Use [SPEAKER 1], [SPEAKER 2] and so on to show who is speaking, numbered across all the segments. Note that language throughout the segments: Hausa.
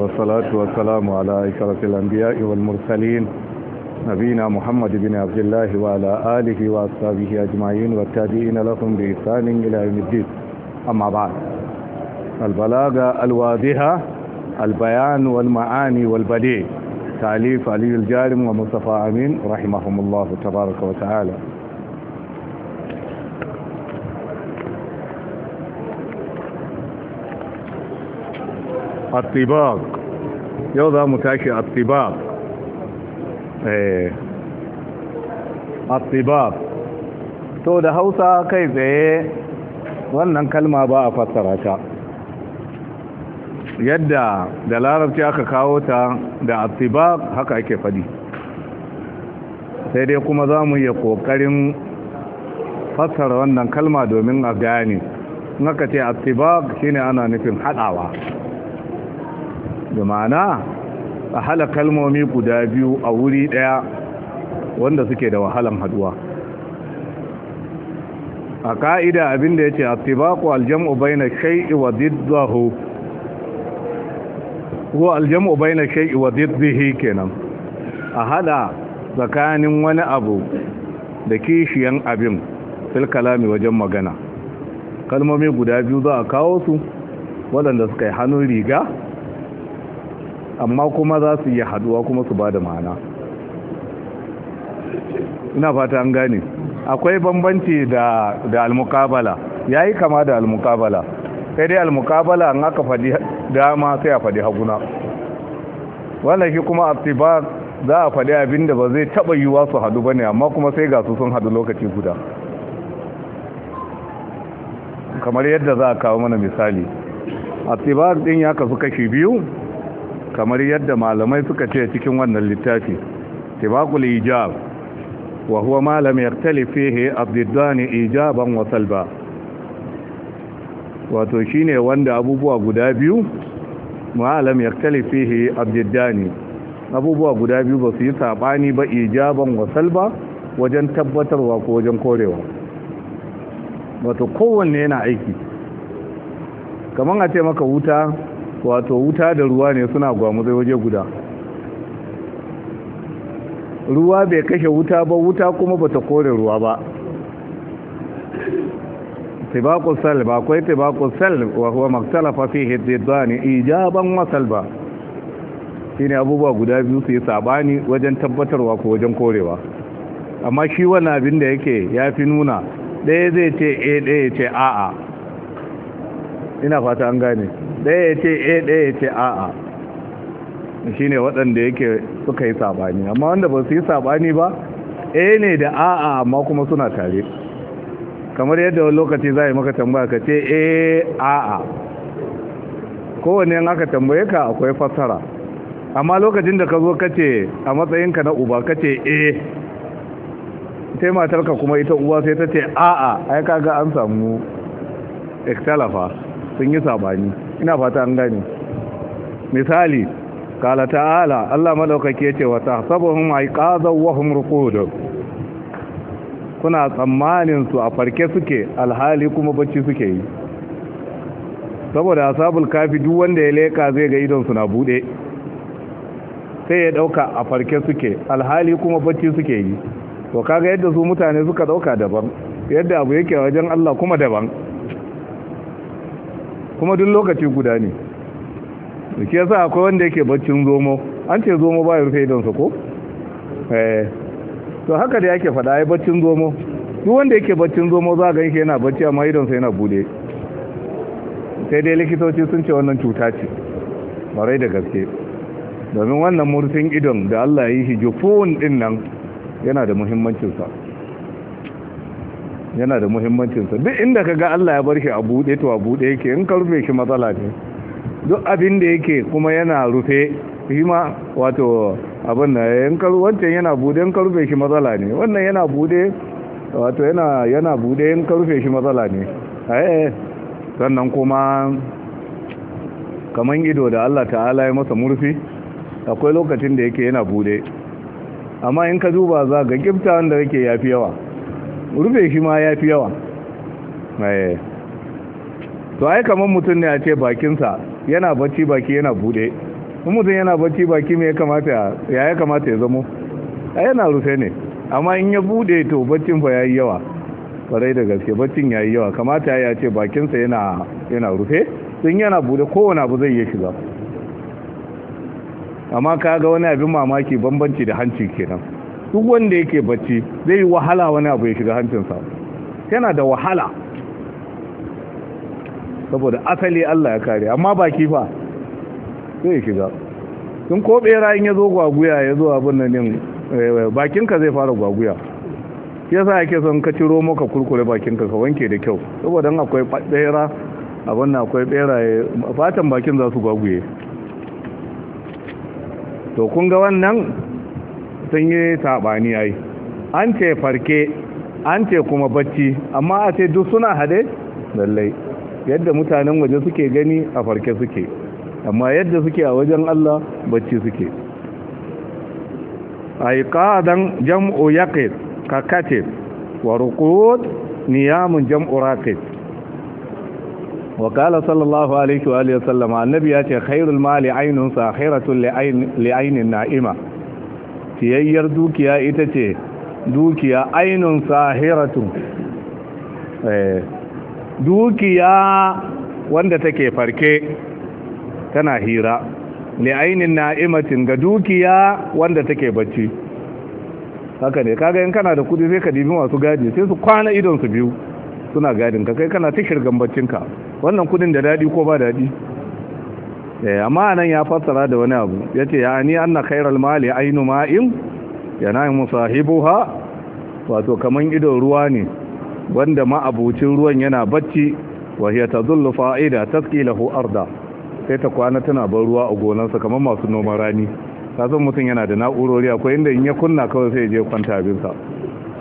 [SPEAKER 1] والصلاة والسلام على إشرف الأنبياء والمرسلين نبينا محمد بن عبد الله وعلى آله وأصحابه أجمعين والتابعين لهم بإحسان إلى يوم الدين أما بعد البلاغة الواضحة البيان والمعاني والبديع تأليف علي الجارم ومصطفى أمين رحمهم الله تبارك وتعالى attibaq yau za mu tashi attibaq eh to da hausa kai tsaye wannan kalma ba a fassara ta yadda da larabci aka kawo ta da attibaq haka ake faɗi. sai dai kuma za mu yi ƙoƙarin fasara wannan kalma domin a gane naka ce attibaq shine ana nufin haɗawa da ma'ana a hala kalmomi guda biyu a wuri daya wanda suke da wahalan haduwa a ka'ida abinda ya ce Baku, aljam'u baina shai'i wa diddahu ko aljam'u baina shai'i wa kenan a hada tsakanin wani abu da kishiyan abin fil kalami wajen magana kalmomi guda biyu za a kawo su waɗanda suka yi hannun riga amma kuma za su yi haduwa kuma su ba da ma'ana ina fata an gane akwai bambanci da almukabala Ya yi kama da almukabala sai dai almukabala an aka fadi dama sai a fadi haguna wannan shi kuma attiba za a fadi abin da ba zai taba yiwuwa su hadu ne amma kuma sai ga su sun hadu lokaci guda kamar yadda za a kawo mana misali attiba din ya kasu kashi biyu kamar yadda malamai suka ce cikin wannan littafi tibakul ijab wa huwa ma lam yaktalif fihi abdiddani ijaban wa salba wato shine wanda abubuwa guda biyu ma lam fihi abdiddani abubuwa guda biyu ba su yi sabani ba ijaban wa salba wajen tabbatarwa ko wajen korewa wato kowanne yana aiki kamar a ce maka wuta wato wuta da ruwa ne suna gwamuzai waje guda ruwa bai kashe wuta ba wuta kuma ba ta kore ruwa ba tibakul salba akwai tibakul salba wa huwa maktalafa ba ne ijaban wa Shi ne abubuwa guda biyu su yi sabani wajen tabbatarwa ko wajen korewa amma shi wani abin da yake fi nuna ɗaya zai ce a eh, ɗaya ce a'a ina fata an gane ɗaya ya ce a eh, ɗaya ya ce a'a shi ne waɗanda yake suka yi saɓani amma wanda ba su yi saɓani ba a eh, ne da a'a amma kuma suna tare kamar yadda wani lokaci za a yi maka tambaya ka ce a eh, a'a kowane yin aka tambaye ka akwai fassara amma lokacin da ka zo ka ce a matsayinka na uba ka ce e sai matarka kuma ita uwa sai ta ce a'a ai kaga an samu ikhtalafa sun yi sabani ina fata an gani misali kala ta'ala Allah madaukake ce wa tahsabuhum aiqazan wa hum ruqud kuna tsammanin su a farke suke alhali kuma bacci suke yi saboda asabul kafi duk wanda ya leka zai ga idon su na bude sai ya dauka a farke suke alhali kuma bacci suke yi to kaga yadda su mutane suka dauka daban yadda abu yake wajen Allah kuma daban kuma duk lokaci guda ne ke sa akwai wanda yake baccin zomo an ce zomo ba rufe idonsa ko? Eh. to haka da yake fada ya baccin zomo duk wanda yake baccin zomo za ga yake yana bacci amma idonsa yana bude sai dai likitoci sun ce wannan cuta ce barai da gaske domin wannan murfin idon da Allah ya yi shi jufun din nan yana da muhimmancinsa yana da muhimmancinsa duk inda ka ga Allah ya bar shi a buɗe to a buɗe yake in ka rufe shi matsala ne duk abin da yake kuma yana rufe shi ma wato abin da in ka wancan yana buɗe in ka rufe shi matsala ne wannan yana buɗe wato yana yana buɗe in ka rufe shi matsala ne eh, eh. sannan kuma kaman ido da Allah ta'ala ya masa murfi akwai lokacin da yake yana buɗe amma in ka duba za ga gifta wanda yake yafi yawa rufe shi ma ya fi yawa eh. to ai kamar mutum ne a ce bakinsa yana bacci baki yana bude in mutum yana bacci baki mai ya kamata ya zamo a yana rufe ne amma in ya bude to baccin fa ya yi yawa farai da gaske baccin ya yi yawa kamata ya ce bakinsa yana rufe sun yana bude kowane abu zai iya shiga amma kaga wani abin mamaki bambanci da hanci kenan duk wanda yake bacci zai yi wahala wani abu ya shiga hancinsa yana da wahala saboda asali Allah ya kare amma baki fa zai ya shiga sun ko bera in ya zo gwaguya ya zo abin nan yin eh, eh, bakinka zai fara gwaguya sa ake son ka ciro maka kurkure bakinka ka wanke da kyau saboda akwai bera abin akwai bera eh, fatan bakin za su gwaguye to kun ga wannan sun yi saɓani yi. an ce farke an ce kuma bacci amma a ce duk suna haɗe lallai yadda mutanen waje suke gani a farke suke amma yadda suke a wajen Allah bacci suke aiqadan jam'u yaqid ka katit wa ruqud niyamun jam'u raqid wa qala sallallahu alaihi wa wa sallama annabi yace khairul mali aynun sakhiratul li'ainin na'ima siyayyar dukiya ita ce dukiya ainun sahiratu eh, dukiya wanda take farke tana hira ne ainin na'imatin ga dukiya wanda take bacci haka ne kaga in kana da kudi sai ka dibi masu gadi sai su kwana idon su biyu suna gadin ka kai kana ta shirgan baccinka wannan kudin da daɗi ko ba daɗi. Eh, amma nan ya fassara da wani abu ya ce ya ni an na khairar mali ainu ma'in yana musahibu ha wato kamar idon ruwa ne wanda ma'abucin ruwan yana bacci wahiyar ta zullu fa'ida ta tsilahu arda sai ta kwana tana ban ruwa a gonansa kamar masu noman rani kasan mutum yana da na'urori akwai inda in ya kunna kawai sai ya je kwanta abinsa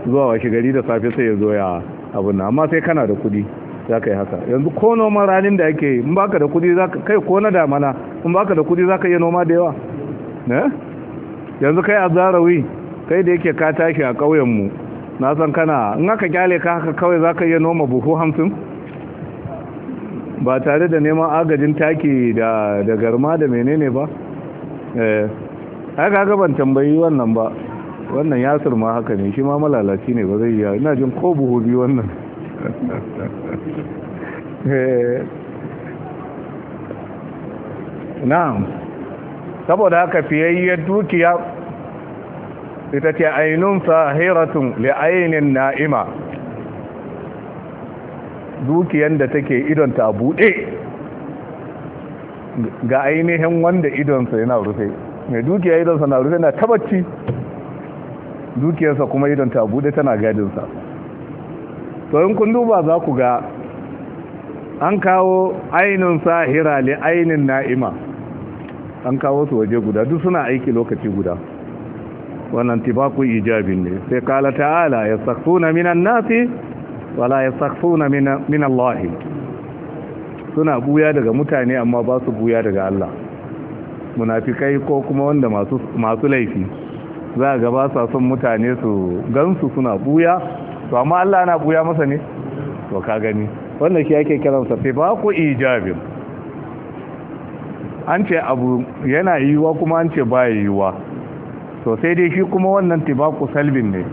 [SPEAKER 1] zuwa washe gari da safe sai ya zo ya abin amma sai kana da kuɗi za ka yi haka yanzu ko noman ranin da ake yi in baka da kudi za ka kai ko na damana in baka da kudi za ka iya noma da yawa ne eh? yanzu kai a zarawi kai da yake ka tashi a mu, na san kana in aka kyale ka haka kawai za ka iya noma buhu hamsin ba tare da neman agajin taki da da garma da menene ba eh aka ga ban tambayi wannan ba wannan yasir ma haka ne shi ma malalaci ne ba zai yi ina jin ko buhu biyu wannan Eh. na'am saboda haka fiyayyar dukiya ita ce ainihin sahiratun li'ainin na'ima dukiyan da take idonta a buɗe ga ainihin wanda idonsa yana rufe mai dukiya idonsa na rufe na tabacci dukiyarsa kuma idonta a buɗe tana gadinsa to in kun duba za ku ga an kawo ainin sahira li ainin na'ima an kawo su waje guda duk suna aiki lokaci guda wannan tibaku ijabin ne sai kala ta'ala ya minan nasi wala ya sakfuna minan lahi suna buya daga mutane amma ba su buya daga Allah munafikai ko kuma wanda masu laifi za a gaba sa son mutane su gansu suna buya to amma Allah yana buya masa ne to ka gani wannan shi ake kiransa ko ijabin an ce abu yana yiwuwa kuma an ce baya yiwuwa to sai dai shi kuma wannan tibaku salbin ne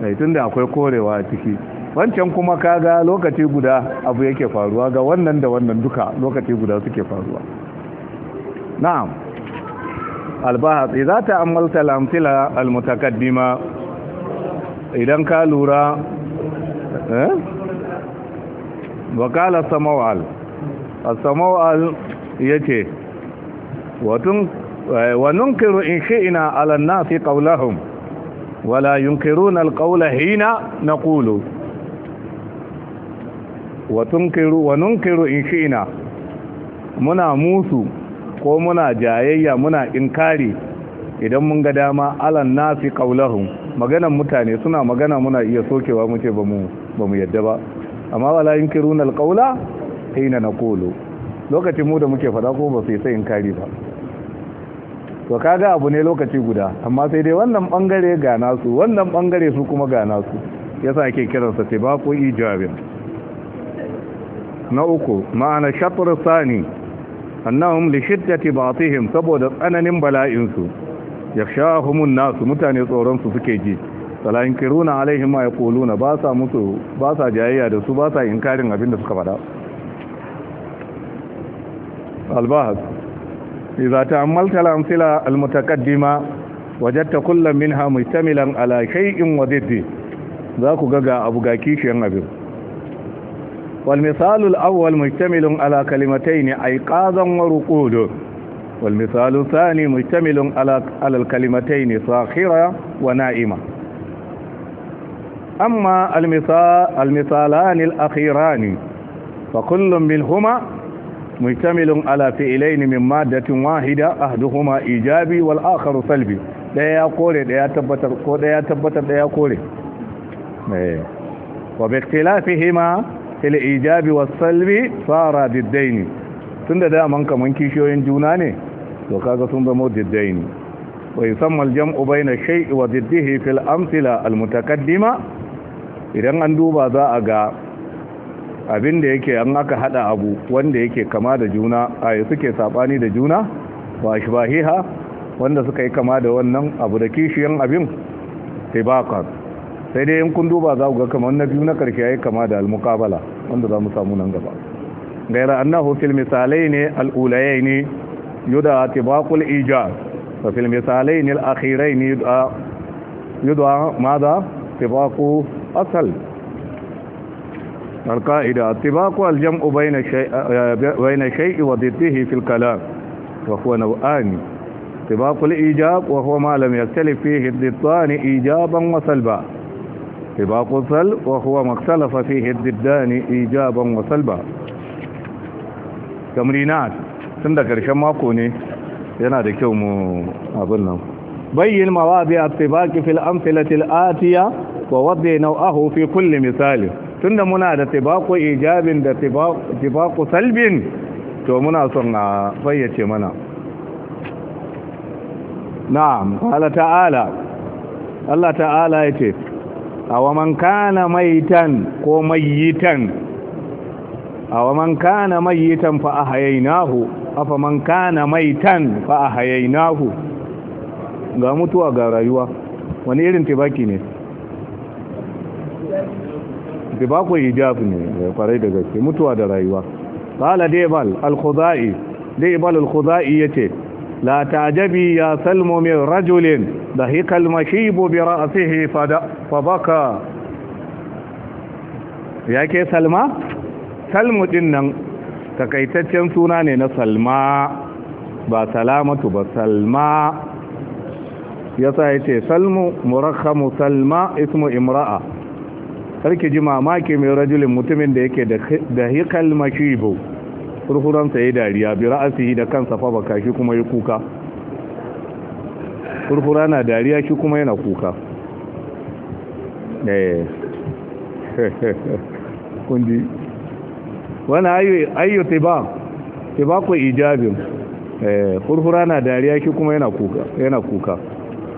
[SPEAKER 1] sai tunda akwai korewa a ciki wancan kuma kaga lokaci guda abu yake faruwa ga wannan da wannan duka lokaci guda suke faruwa na'am albahat idza ta'ammalta al-amthila al-mutaqaddima idan ka lura eh kala samawal samawal ya ce eh, wa nunkiru in shi'na ala an fi qawlahum wala yunkiru na qawla hina na wa wa nunkiru in ina muna musu ko muna jayayya muna inkari idan mun ga dama alan nasi qaulahum maganan mutane suna magana muna iya sokewa muke ba bamu yadda ba amma wala yunkiruna alqaula hina naqulu lokacin mu da muke fada ko ba sai sai in kari ba to ga abu ne lokaci guda amma sai dai wannan bangare ga nasu wannan bangare su kuma ga nasu yasa ake kiransa tibaqu ijabin na uku ma'ana shatr sani annahum li shiddati batihim saboda tsananin bala'insu yakhshahumun nasu mutane tsoron su suke ji sala kiruna, alaihim ma yaquluna ba sa musu ba sa jayayya da su ba sa inkarin abin da suka faɗa albahas idza ta'ammalta al-amsila al-mutaqaddima wajadta kullam minha mujtamilan ala shay'in wa diddi za ku ga abu ga kishiyan abin wal misalul awwal mujtamilun ala kalimatayn ayqazan wa ruqudun والمثال الثاني مشتمل على الكلمتين صاخرة ونائمة أما المثال المثالان الأخيران فكل منهما مشتمل على فعلين من مادة واحدة أحدهما إيجابي والآخر سلبي لا يقول لا يتبتر لا يتبتر لا يقول وباختلافهما في الإيجاب والسلبي صار ضدين tunda da man kaman kishiyoyin juna ne to kaga sun zama diddaini wa yusamma al-jam'u bayna shay'i wa diddihi fil amsila al-mutaqaddima idan an duba za a ga abin da yake an aka hada abu wanda yake kama da juna ayi suke sabani da juna wa shbahiha wanda suka yi kama da wannan abu da kishiyan abin tibaqan sai dai in kun duba za ku ga kamar na biyu na karshe yayi kama da al-muqabala wanda za mu samu nan gaba gaira annahu fil misalai ne al ne يدعى اتباق الإيجاز ففي المثالين الأخيرين يدعى يدعى ماذا اتباق أصل القاعدة اتباق الجمع بين شيء بين شيء وضده في الكلام وهو نوعان اتباق الإيجاب وهو ما لم يختلف فيه الضدان إيجابا وسلبا اتباق السلب وهو ما اختلف فيه الضدان إيجابا وسلبا تمرينات tun da ƙarshen mako ne yana da kyau mu abin nan bayyin mawabi a tibaki fil an amfilatil atiya wa wadda nau'ahu fi kulli misali tun da muna da tibaku ijabin da tibaku salbin to muna son a fayyace mana na'am qala ta'ala Allah ta'ala ya yace aw man kana maitan ko mayitan aw man kana mayitan fa a ahyaynahu afa man kana maitan fa ahayainahu ga mutuwa ga rayuwa wani irin tibaki ne tibako hijab ne kwarai da gaske mutuwa da rayuwa qala debal al-khudai debal al-khudai yace la ta'jabi ya salmu min rajulin dahika al-mashib bi ra'sihi fa baka yake salma salmu din nan takaitaccen suna ne na salma ba salamatu ba salma ya sa ya ce salmu murakhamu salma ismu imra'a sarki ji mamaki mai rajulin mutumin da yake da hikal mashibu furfuransa ya dariya bi ra'asihi da kansa fa baka shi kuma ya kuka furfura na dariya shi kuma yana kuka eh kundi wani ayyu tiba tiba ku ijabin furfura eh, na dariya shi kuma yana kuka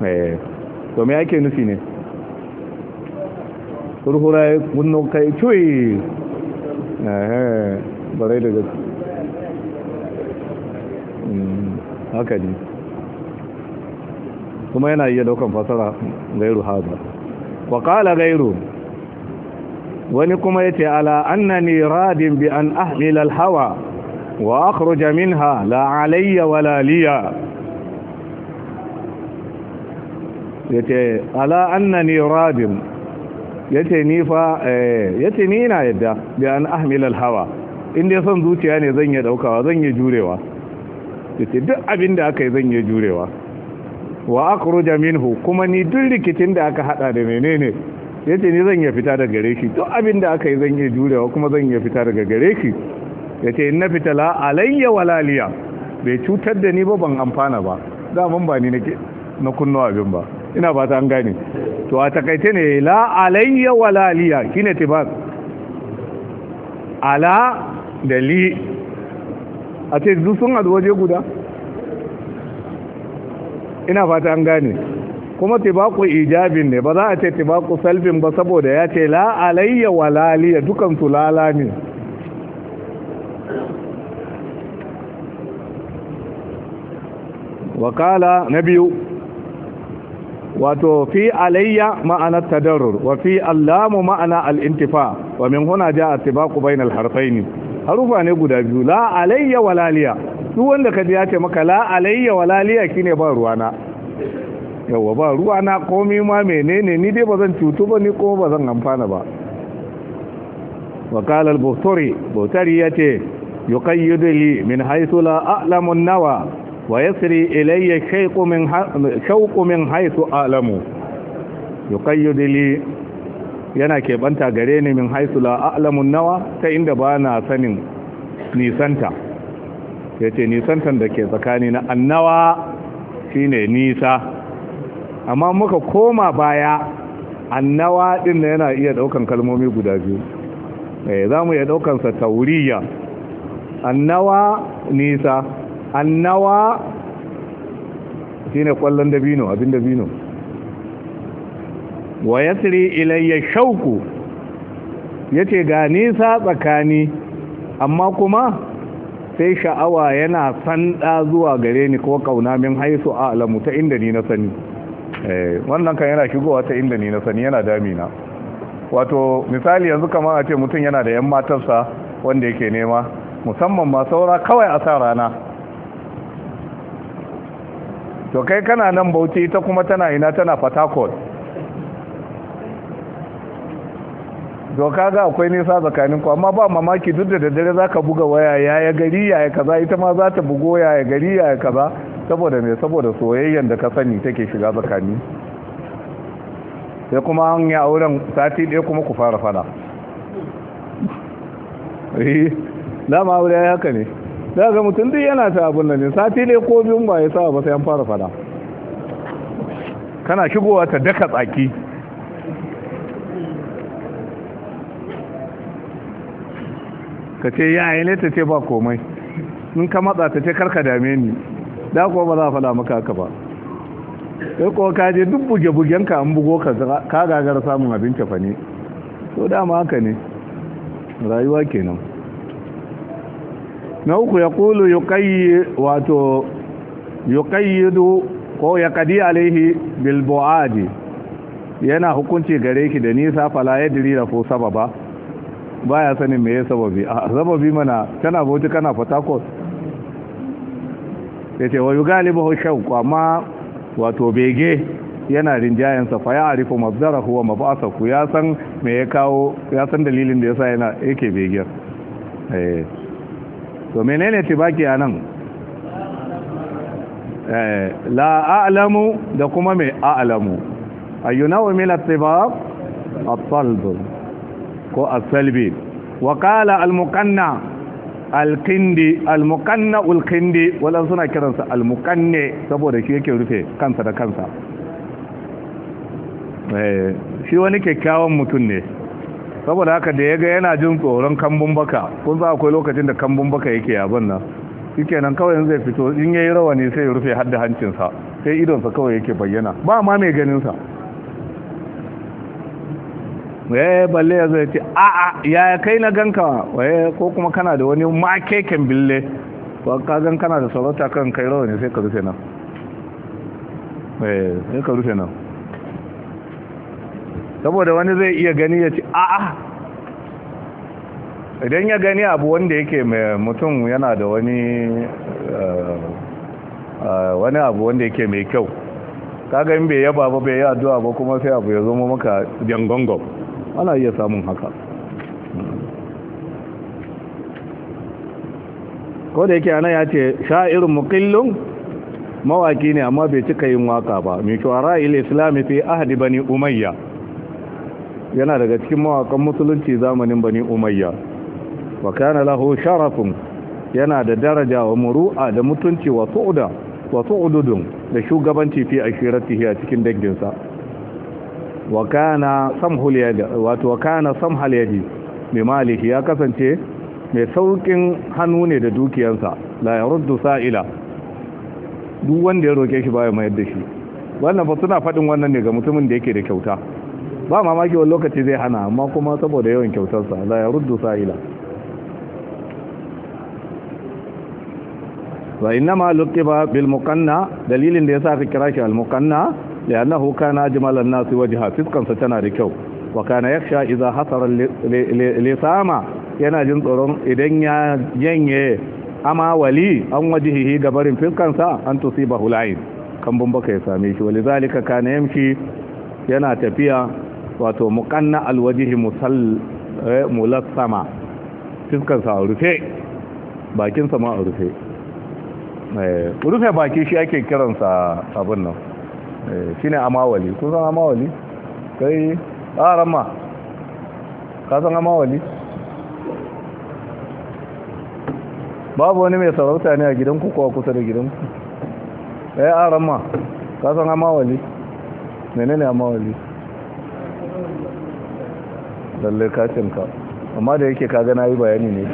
[SPEAKER 1] eh, to mai ake nufi ne furfura ya gunno kai cuyi barai da gaske hmm, haka ne kuma yana iya daukan fasara gairu haza wa kala gairu wani kuma ya ce, ala annani radin bi an ahmil hawa wa akhruja minha la alayya wala liya yace ala annani radin yace ni fa eh, yace ni na yadda bi an ahmil hawa inda son zuciya ne zan yi daukawa zan yi jurewa yace duk abin da aka yi zan yi jurewa wa akhruja minhu kuma ni duk rikicin da aka hada da menene ya ce ni zan iya fita daga gare shi duk abin da aka yi zan iya jurewa kuma zan iya fita daga gare shi ya ce in na fita la alayya walaliya bai cutar da ni ba ban amfana ba daman ba ni na kunno abin ba ina ba ta an gane to a takaice ne la alayya walaliya shine ba ala da li a ce duk sun waje guda ina fata an gane kuma tibaku ijabin ne ba za a ce tibaku salbin ba saboda ya ce la alayya wa laliya dukansu lala ne wakala na biyu wato fi alayya ma'ana tadarrur wa fi allamu ma'ana al-intifa wa min huna ja'a tibaku bainal harfaini harufa ne guda biyu la alayya wa laliya duk wanda ji ya ce maka la alayya wa laliya shine ba ruwana yawa ba ruwa na komi ma menene ni dai ba zan cutu ba ni kuma ba zan amfana ba wakalar bautari bautari ya ce yuqayyidu min haythu la a'lamu nawa wa yasri ilayya shayqu min haisu min haythu a'lamu yuqayyidu li yana keɓanta gare ni min haisu la'alamun nawa ta inda ba na sanin nisanta ya ce nisantan da ke tsakani na annawa shine nisa amma muka koma baya annawa din na yana iya daukan kalmomi guda biyu eh za mu iya sa tauriya annawa nisa annawa shine kwallon dabino abin dabino wa yasri ilayya shauku yace ga nisa tsakani amma kuma sai sha'awa yana sanda zuwa gare ni ko kauna min haisu a'lamu ta inda ni na sani Eh, wannan kan yana shigowa ta inda ni na sani yana damina wato misali yanzu kamar a ce mutum yana da yan matarsa wanda yake nema musamman ma saura kawai a sa rana to kai kana nan bauchi ita kuma tana ina tana fatakot to kaga akwai nisa tsakanin ku amma ba mamaki duk da daddare zaka buga waya yaya gari yaya kaza ita ma za ta bugo yaya gari yaya kaza saboda mai saboda soyayyen da ka sani take shiga tsakani sai kuma an yi auren sati ɗaya kuma ku fara fada eh, dama aure ya haka ne da ga mutum duk yana ta abin da ne sati ɗaya ko biyun ba ya sa ba sai an fara fada
[SPEAKER 2] kana shigowa ta daka tsaki
[SPEAKER 1] ka ce yayi ne ta ce ba komai in ka matsa ta ce karka dame ni da kuwa ba za a faɗa maka haka ba sai kuwa ka je duk buge-bugen ka an bugo ka ka gagar samun abin fa ne so dama haka ne rayuwa kenan na uku ya kulu yuqayyi wato yuqayyidu ko ya kadi alaihi bilbo'adi yana hukunci gare ki da nisa fala diri da ko sababa ya sanin me ya sababi a sababi mana kana bauti kana fatakos ya ce wani galiba shauku amma wato bege yana rinjayensa fa ya arifu mabdara huwa ku ya san me ya kawo ya san dalilin da yasa yana yake begiyar eh. to menene tibaki anan nan eh, la a'lamu da kuma me a'lamu ayyuna min at-tibab a ko a salbi wa kala al-muqanna alkindi almukanna ulkindi wadan suna kiransa almukanne saboda shi yake rufe kansa da kansa eh, shi wani kyakkyawan mutum ne saboda haka da ya ga yana jin tsoron kambun baka kun za akwai lokacin da kambun baka yake yabon nan shi kenan kawai zai fito in yayi rawani sai ya rufe hadda hancinsa sai idonsa kawai yake bayyana ba ma mai ganinsa waye eh, balle ya zai ce a a ya kai na ganka waye eh, ko kuma kana da wani makeken bille ba ka gan kana da sarauta kan kai rawa ne sai ka rufe nan eh, sai ka rufe nan saboda wani zai iya gani ya ce a a idan ya gani abu wanda yake mai mutum yana da wani wani abu wanda yake mai kyau kaga in bai yaba ba bai yi addu'a ba kuma sai abu ya zo maka jangongon ana iya samun haka ko da yake ana ya ce sha'irin mukillun mawaki ne amma bai cika yin waka ba mai shawara il islami fi ahadi bani umayya yana daga cikin mawakan musulunci zamanin bani umayya wa kana lahu sharafun yana da daraja wa muru'a da mutunci wa su'uda wa su'ududun da shugabanci fi ashiratihi a cikin danginsa wa samhul yadi wato wa sam samhal yadi mai maliki ya kasance mai saukin hannu ne da dukiyansa la yaruddu sa'ila duk wanda ya roke shi ya mayar da shi wannan fa suna faɗin wannan ne ga mutumin da yake da kyauta ba mamaki wani lokaci zai hana amma kuma saboda yawan kyautarsa la yaruddu sa'ila wa inna ma luqiba bil muqanna dalilin da yasa ka kira shi al muqanna li'annahu kana ji nas wajha fiskan sa tana da kyau wa kana yakhsha idza hasara lisama yana jin tsoron idan ya janye ama wali an wajihihi gabarin fiskan sa an tusibahu al'ain kan baka ya same shi walizalika kana yamshi yana tafiya wato muqanna alwajhi musal mulassama fiskan sa rufe bakin sa ma rufe rufe baki shi ake kiransa abin nan Eh, shine amawali kun san amawali kai ƙaran ah, ma ka san amawali babu wani mai sarauta ne a gidanku ko a kusa da gidanku ya yi aran ka san amawali menene amawali lallai ka, amma da yake kaga na yi bayani ne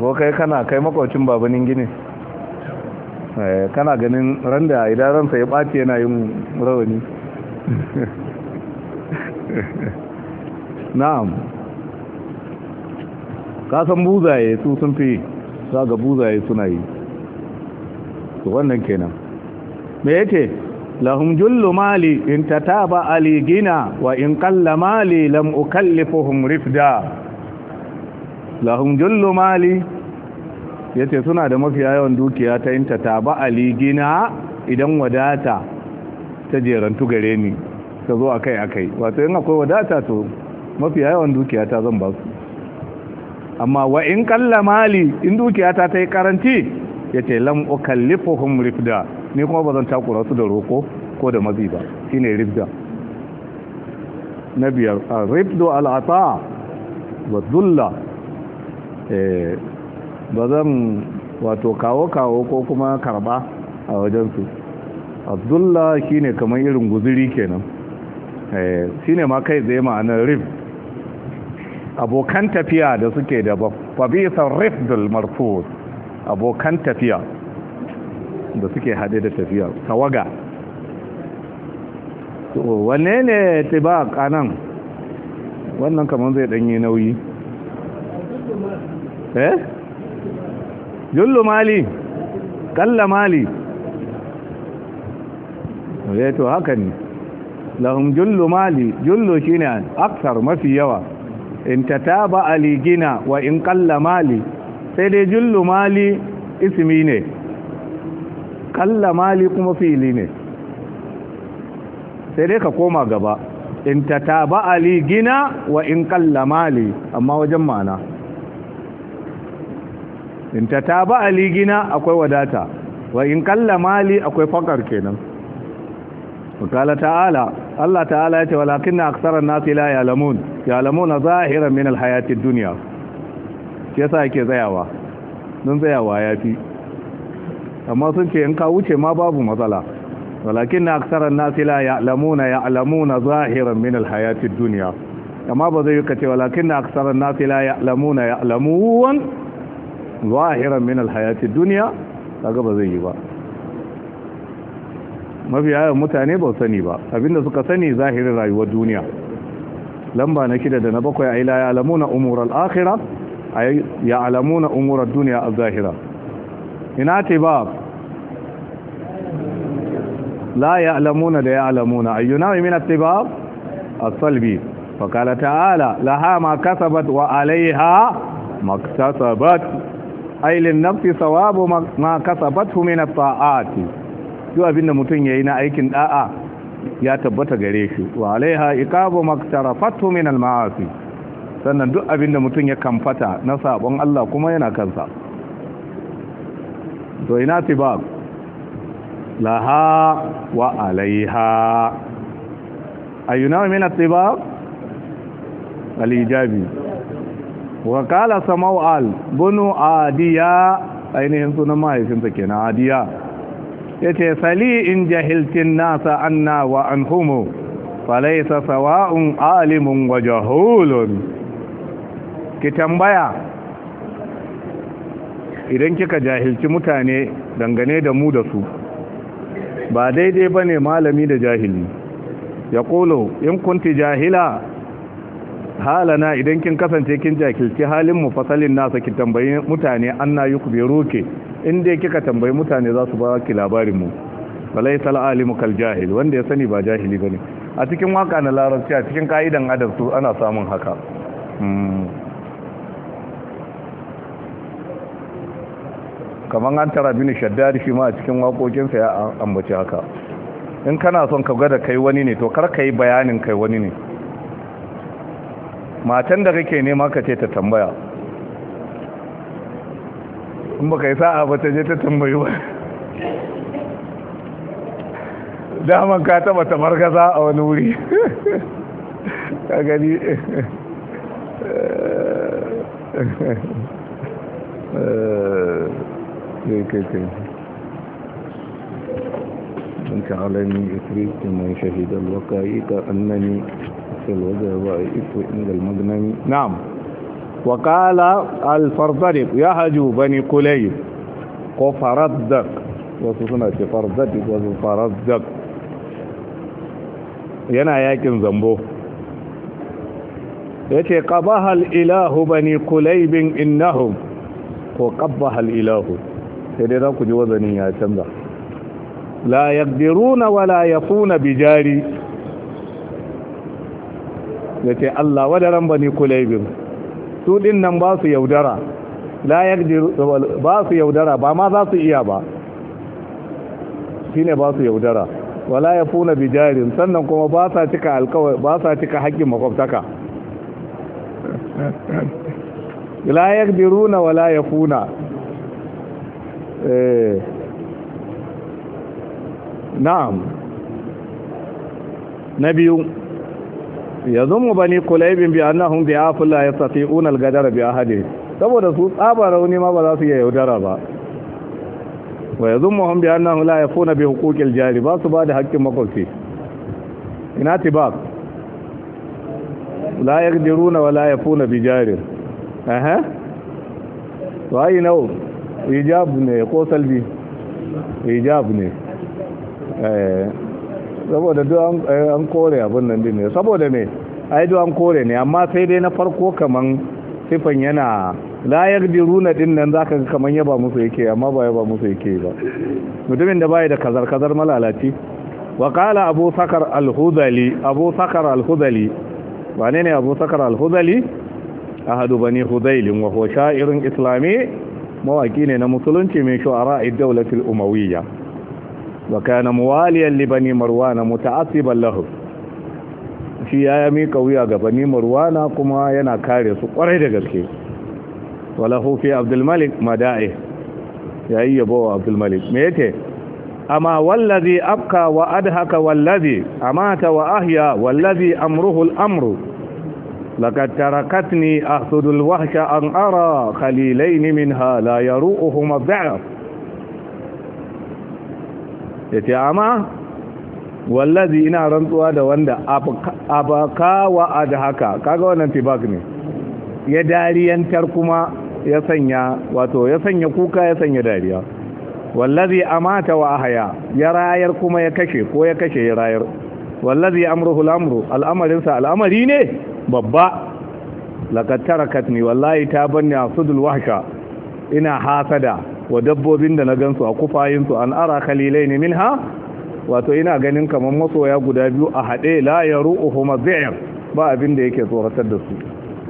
[SPEAKER 1] ko kai kana kai makwacin babanin gini Eh, kana ganin randa idan ransa ya ɓace yana yin rawani na'am kasan buzaye su sun fi za ga buzaye suna yi su wannan kenan me yake lahum jullu mali in tataba ali gina wa in kalla mali lam ukallifuhum rifda lahum jullu mali ya ce suna da mafiya yawan dukiya ta yin ta taba aligina idan wadata ta jerantu gare ni ta zo akai akai wato yin akwai wadata to mafiya yawan dukiya ta zan ba su amma wa in kalla mali in dukiya ta ta yi karanti ya ce lam ukallifuhum rifda ni kuma ba zan takura su da roko ko da mazi ba shine rifda na biyar rifdu al'ata wa dhulla eh, ba zan wato kawo-kawo ko kuma karba a wajensu abdullah shi ne kamar irin guziri kenan eh, shi ne ma kai zai ma'anar rif abokan tafiya da suke da babisar rif marfus abokan tafiya da suke haɗe da tafiya tawaga wanne ne tiba a nan wannan kamar zai ɗanyi nauyi eh jullu mali kalla mali ya eh, to haka ne Lahun jullu mali jullu shi ne aksar mafi yawa in taba aligina wa in kalla mali sai dai jullu mali ismi ne kalla mali kuma fili ne sai dai ka koma gaba in taba aligina wa in kalla mali amma wajen ma'ana in ta taba aligina akwai wadata wa in kalla mali akwai fakar kenan wakala ta'ala Allah ta'ala ya ce walakin na aksarar nasi la yalamun yalamuna zahiran min hayatin duniya shi yasa yake tsayawa don tsayawa ya fi amma sun ce in ka wuce ma babu matsala walakin na aksarar nasi la ya'lamuna ya'lamuna zahiran min hayatin duniya amma ba zai yi kace walakin na aksarar nasi la ya'lamuna ya'lamuwan? ظاهرا من الحياة الدنيا لقب ذي با ما في آية متعني با ثني با فبين ذلك ثني ظاهر رأي والدنيا لما نكده دنا بقوا إلا يعلمون أمور الآخرة أي يعلمون أمور الدنيا الظاهرة هنا تباب لا يعلمون لا يعلمون أي نوع من التباب الصلبي فقال تعالى لها ما كسبت وعليها ما اكتسبت ay lin nafsi thawabu ma kasabathu min at-ta'ati duk abinda mutun yayi na aikin da'a ya tabbata gare shi wa alaiha iqabu maktarafatu min al-ma'asi sannan duk abinda mutun ya kamfata na sabon Allah kuma yana kansa to ina tibab laha wa alaiha ayuna min at-tibab al-ijabi wa kala samawal bunu adiya ainihin sunan mahaifinsa kenan adiya yace sali in jahiltin nasa anna wa anhumu falaysa sawa'un alimun wa jahulun ki tambaya idan kika jahilci mutane dangane da mu da su ba daidai ba ne malami da jahili ya in kunti jahila halana idan kin kasance kin jakilci halin mu fasalin nasa ki tambayi mutane anna bai roke inda kika tambayi mutane za su ba ki labarin mu balai alimu kal jahil wanda ya sani ba jahili bane a cikin waka na larabci a cikin kaidan adab su ana samun haka hmm. kaman an tara bin shaddadi shi ma a cikin waƙoƙinsa ya ambaci haka in kana son ka gwada kai wani ne to kar ka yi bayanin kai wani ne matan da kake nema ka ce ta tambaya in ka yi sa'a ba ta je ta tambayi ba daman ka taba tamar gaza a wani wuri ka gani أنت علني إفريت من شهد الوقائق أنني الوجه ضعيف عند المغنم نعم وقال الفرددق يهج بني كليب وفردق وسنة فرددق وفردق ينا ياكن زنبو yace qabaha al-ilahu bani kulayb innahum ko qabaha al-ilahu za ku ji wazanin ya canza bijari ya ce Allah wadaran bani kulaibin su din nan ba su yaudara ba su yaudara ba ma za su iya ba shine ba su yaudara wala ya funa bijarin sannan kuma ba sa cika alkawar ba sa cika haƙƙin makwabtaka la yaqdiruna wala ya eh na'am na biyu yazum bani kulaybin bi annahum bi afla yastati'un al-gadar bi ahadi saboda su tsaba rauni ma ba za su iya yaudara ba wa yazumuhum bi annahum la yafuna bi huquqil jari ba su ba da haƙƙin makwabci ina tibab la yaqdiruna wa la yafuna bi jari aha wa ayi nau ijab ne ko salbi ijab ne eh saboda duk eh, an kore abin nan ne saboda ne, ai duk an kore ne amma sai dai na farko kaman sifan yana layar diruna din nan zaka ga kaman yaba musu yake amma ba yaba musu yake ba mutumin da bai da kazar kazar malalaci wa qala abu sakar al-hudali abu sakar al-hudali wane ne abu sakar al-hudali ahadu bani hudailin wa huwa islami mawaki ne na musulunci mai shu'ara ad-dawlatil umawiyya wa kana muwaliyan li bani marwana muta'assiban lahu shi ya mika wuya ga bani marwana kuma yana kare su kwarai da gaske walahu fi abdul malik mada'i yayi yabo wa abdul me yake amma wallazi afka wa adhaka wallazi amata wa ahya wallazi amruhu al-amru لقد تركتني أحسد an ara أرى خليلين منها لا يروؤهما الضعف ya ce amma wallazi ina rantsuwa da wanda abaka wa haka kaga wannan tibak ne ya dariyantar kuma ya sanya wato ya sanya kuka ya sanya dariya wallazi amata wa haya ya rayar kuma ya kashe ko ya kashe ya rayar wallazi amruhu al al'amarin sa al'amari ne babba laqad tarakatni wallahi ta banni wahsha ina hasada wa dabbobin da na gansu a kufayinsu an ara kalilai ne min ha wato ina ganin kamar masoya guda biyu a haɗe la ya ru'u zayar ba abin da yake tsoratar da su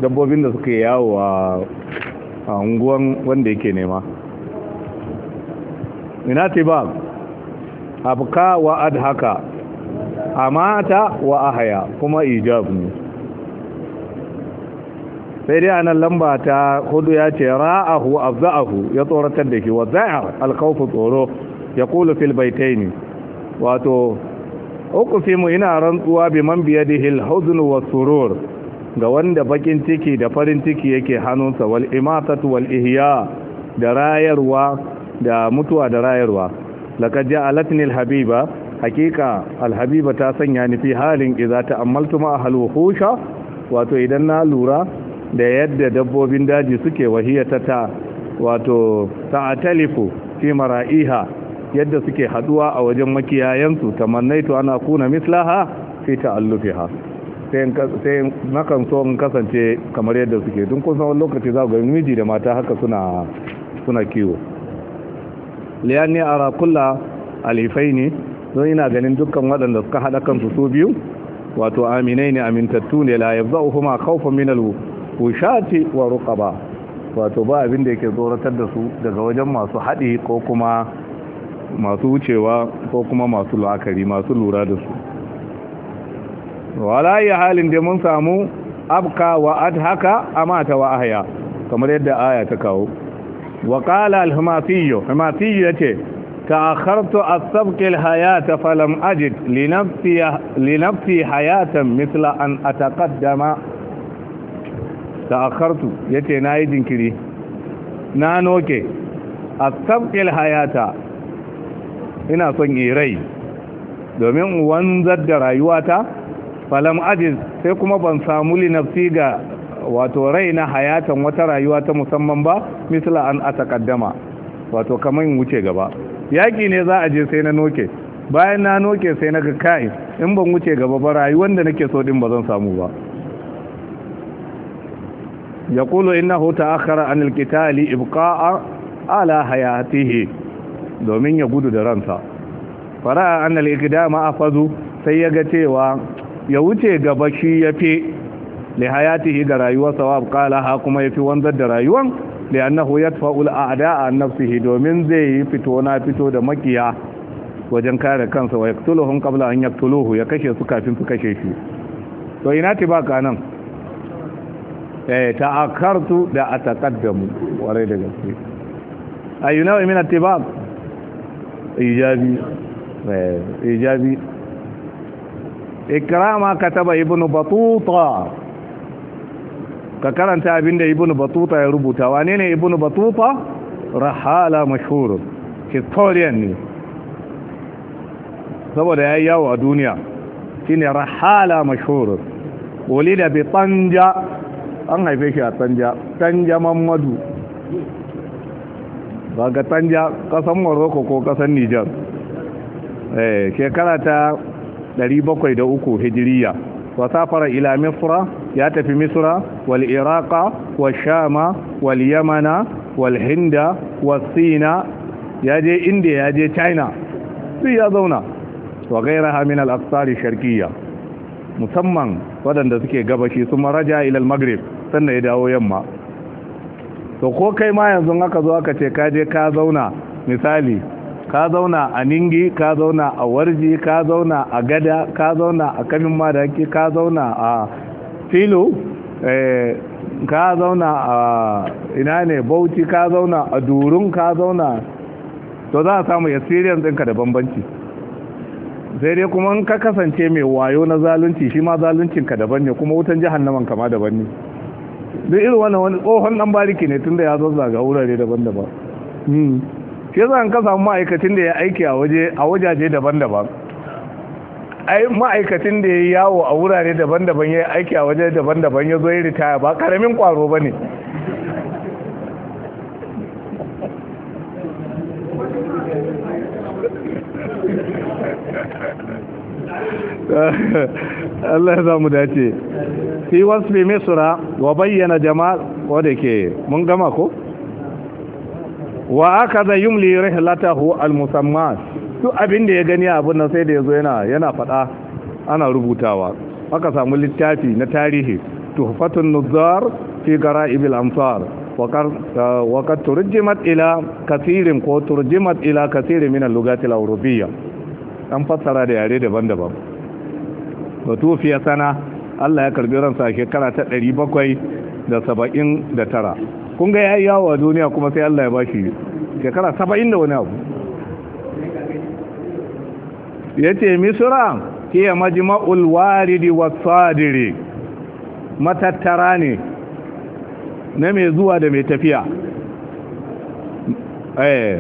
[SPEAKER 1] dabbobin da suke yawo a unguwan wanda yake nema ina abu abka wa'ad haka amata wa ahaya kuma ijab ne sai dai anan lamba ta hudu ya ce ra'ahu afza'ahu ya tsoratar da shi wa za'ar alkhawfu tsoro ya kulu fil baitaini wato uqsimu ina rantsuwa bi man bi yadihi wa surur ga wanda bakin ciki da farin ciki yake hannunsa wal imatatu wal ihya da rayarwa da mutuwa da rayarwa laqad ja'alatni al-habiba hakika alhabiba ta sanya ni fi halin idza ta'ammaltu ma ahal wuhusha wato idan na lura da yadda dabbobin daji suke wahiyata ta wato ta'atalifu fi mara'iha yadda suke haduwa a wajen makiyayansu tamannaitu ana kuna mislaha fi ta'allufiha sai na kan so in kasance kamar yadda suke tun kun wani lokaci za ga miji da mata haka suna kiwo liyanni ara kulla alifai ne don ina ganin dukkan waɗanda suka haɗa kansu su biyu wato aminai ne amintattu ne la yabza'uhuma khawfan min al fushati wa ruqaba wato ba abin da yake tsoratar da su daga wajen masu haɗi ko kuma masu wucewa ko kuma masu la'akari masu lura da su wala ya halin da mun samu abka wa adhaka amata wa ahya kamar yadda aya ta kawo wa qala al-humatiyyu humatiyyu yace ta'akhartu as hayata falam ajid li hayatan mithla an ataqaddama ta'akhartu yace nayi jinkiri na noke astabqil hayata ina son yi rai domin wanzar da rayuwata falam ajiz sai kuma ban samu nafsi ga wato rai na hayatan wata rayuwa ta musamman ba misla an ataqaddama wato kamar in wuce gaba yaki ne za a je sai na noke bayan na noke sai na ga kai in ban wuce gaba ba rayuwar da nake so din ba zan samu ba yaqulu innahu ta'akhkhara anil qitali ibqa'a ala hayatihi domin ya gudu da ransa fara annal iqdama afazu sai ya ga cewa ya wuce gaba shi yafi li hayatihi ga rayuwarsa wa qalaha kuma yafi wanzar da rayuwan li'annahu a al'a'da'a an nafsihi domin zai yi fito na fito da makiya wajen kare kansa wa yaqtuluhum qabla an yaqtuluhu ya kashe su kafin su kashe shi to ina tibaka nan Eh, ta'akartu da a taƙaddamu warai da gaske a yi nawa imina tebab ijabi eh, ijabi ka kataba ibn batuta ka karanta abinda ibn batuta ya rubuta wane ne ibn batuta rahala mashuru. historian ne saboda ya yi yawo a duniya shine rahala mashhur ولد بطنجة an haife shi a tanja tanja mamadu ba ga tanja kasan morocco ko kasan niger eh, shekara ta 703 hijiriya wasafara ila misra ya tafi misra wal iraqa wal shama wal yamana wal hinda wal sina ya je india ya je china sai ya zauna wa gairaha min al-aqsar sharqiyya musamman waɗanda suke gabashi su maraja ila al-maghrib sannan ya dawo yamma to ko kai ma yanzu aka zo aka ce ka je ka zauna misali ka zauna a ningi ka zauna a warji ka zauna a gada ka zauna a kamin madaki ka zauna a filo eh, ka zauna a ina ne bauchi ka zauna a durun ka zauna to za a samu experience ɗinka da bambanci sai dai kuma ka kasance mai wayo na zalunci shi ma zaluncinka daban ne kuma wutan jahannaman kama daban ne duk irin wannan wani tsohon dan bariki ne tunda ya zo zaga wurare daban-daban hmm. shi yasa ka samu ma'aikacin da ya aiki a waje a wajaje daban-daban ai ma'aikacin da ya yawo a wurare daban-daban ya aiki a waje daban-daban ya zo ya ritaya ba karamin kwaro ba ne Allah ya zamu dace fi wasfi misra wa bayyana jama'a wanda ke mun gama ko wa aka yumli rihlatahu al-musammat duk abin da ya gani abin nan sai da yazo yana yana fada ana rubutawa aka samu littafi na tarihi tuhfatun nuzar fi gara'ib al-amsar wa kad turjimat ila kathirin ko turjimat ila kathirin min al-lughat al-awrubiyya an fassara da yare daban-daban fatofiya tufiya sana Allah ya karbi ransa a shekara ta ɗari bakwai da saba'in da tara kun ga yayi yawo a duniya kuma sai Allah ya bashi shekara saba'in da wani abu ya ce misira hiya majma'ul waridi wa sadiri matattara ne na mai zuwa da mai tafiya eh.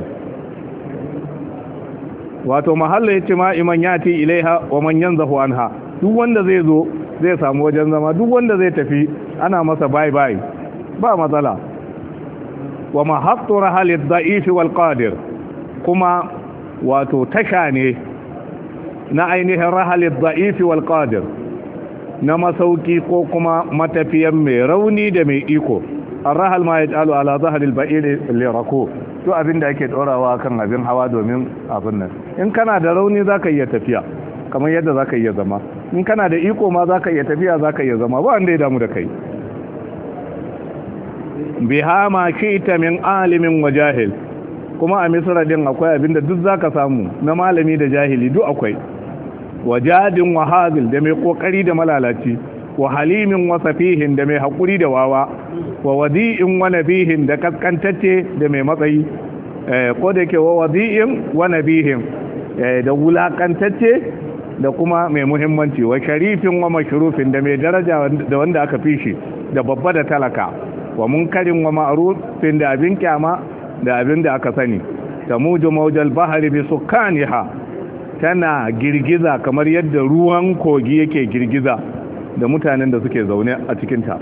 [SPEAKER 1] wato mahallin ya man yati ilaiha wa man yanzahu anha duk wanda zai zo zai samu wajen zama duk wanda zai tafi ana masa bye bye ba matsala wa mahattu rahalit da'if wal qadir kuma wato tasha ne na ainihin rahalit da'if wal qadir na masauki ko kuma matafiyan mai rauni da mai iko arrahal ma yaj'alu ala zahril ba'ir li rako to abin da ake dorawa kan abin hawa domin abin nan in kana da rauni zaka iya tafiya kamar yadda zaka iya zama in kana da iko ma za ka iya tafiya za ka iya zama ba wanda ya damu da kai biha ma kita min alimin wa jahil kuma a misra din akwai abinda duk za ka samu na malami da jahili duk akwai wa jadin wa hazil da mai kokari da malalaci wa halimin wa safihin da mai haƙuri da wawa wa wadi'in wa nabihin da kaskantacce da mai matsayi eh, ko da ke wa wadi'in wa nabihin eh, da wulakantacce da kuma mai muhimmanci wa sharifin wa mashrufin da mai daraja da wanda aka fi shi da babba da talaka wa munkarin wa ma'rufin da abin kyama da abin da aka sani tamuju mawjal bahri bi sukaniha tana girgiza kamar yadda ruwan kogi yake girgiza da mutanen da suke zaune a cikin ta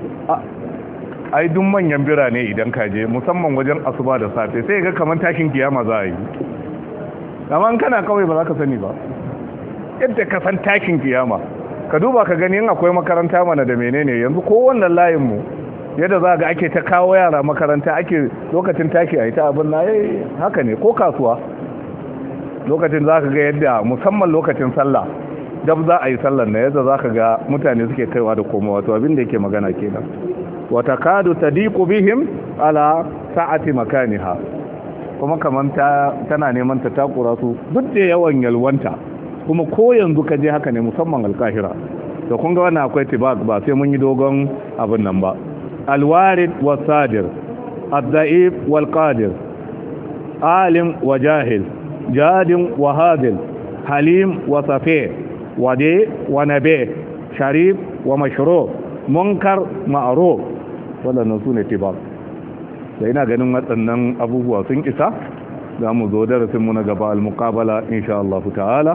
[SPEAKER 1] ai duk manyan birane idan ka je musamman wajen asuba da safe sai ga kamar takin kiyama za a yi kana kawai ba za ka sani ba yadda ka san takin kiyama ka duba ka gani akwai makaranta mana da menene yanzu ko wannan layin mu yadda za ga ake ta kawo yara makaranta ake lokacin taki a ita abin na yayi eh, haka ne ko kasuwa lokacin za ka ga yadda musamman lokacin sallah dab za a yi sallar na yadda za ka ga mutane suke kaiwa da koma wato abin da yake magana kenan wata kadu ta diku bihim ala sa'ati makaniha kuma kamar tana neman ta takura su duk da yawan yalwanta kuma ko yanzu ka je haka ne musamman alkahira da kun ga wannan akwai tibak ba sai mun yi dogon abin nan ba alwarid wa sadir addaif wal qadir alim wa jahil jadin wa hadil halim wa safi wade wa nabe sharif wa mashru munkar ma'ruf wannan sune tibak da ina ganin waɗannan abubuwa sun isa za mu zo darasinmu na gaba al-muqabala insha Allah ta'ala